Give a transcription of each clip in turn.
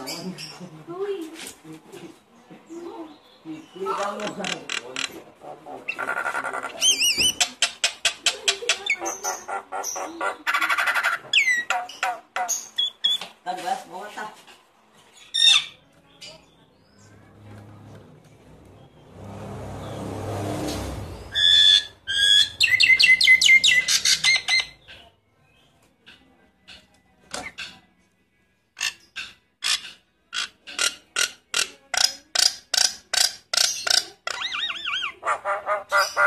Uy! Uy! Uy! Uy! Uy! Ha ha!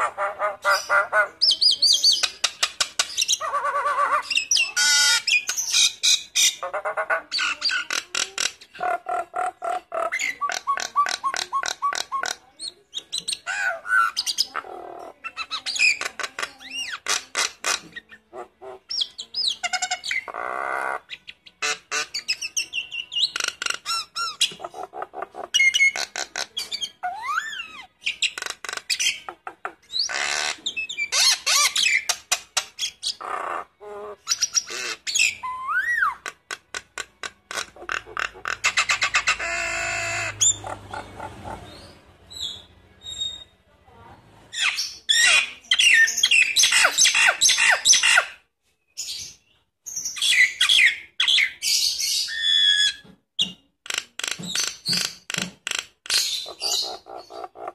Thank mm-hmm. you. Ha ha ha!